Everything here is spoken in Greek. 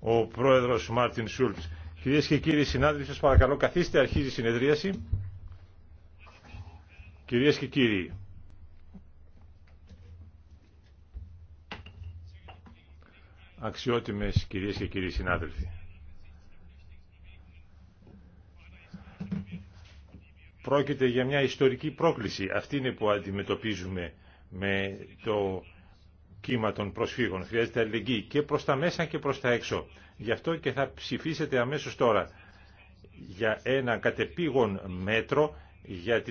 Ο πρόεδρος Μάρτιν Σούλτ. κυρίε και κύριοι συνάδελφοι, σα παρακαλώ καθίστε, αρχίζει η συνεδρίαση. κυρίε και κύριοι, αξιότιμες κυρίες και κύριοι συνάδελφοι, πρόκειται για μια ιστορική πρόκληση. Αυτή είναι που αντιμετωπίζουμε με το κύμα των προσφύγων. Χρειάζεται αλληλεγγύη και προς τα μέσα και προς τα έξω. Γι' αυτό και θα ψηφίσετε αμέσως τώρα για ένα κατεπήγον μέτρο για την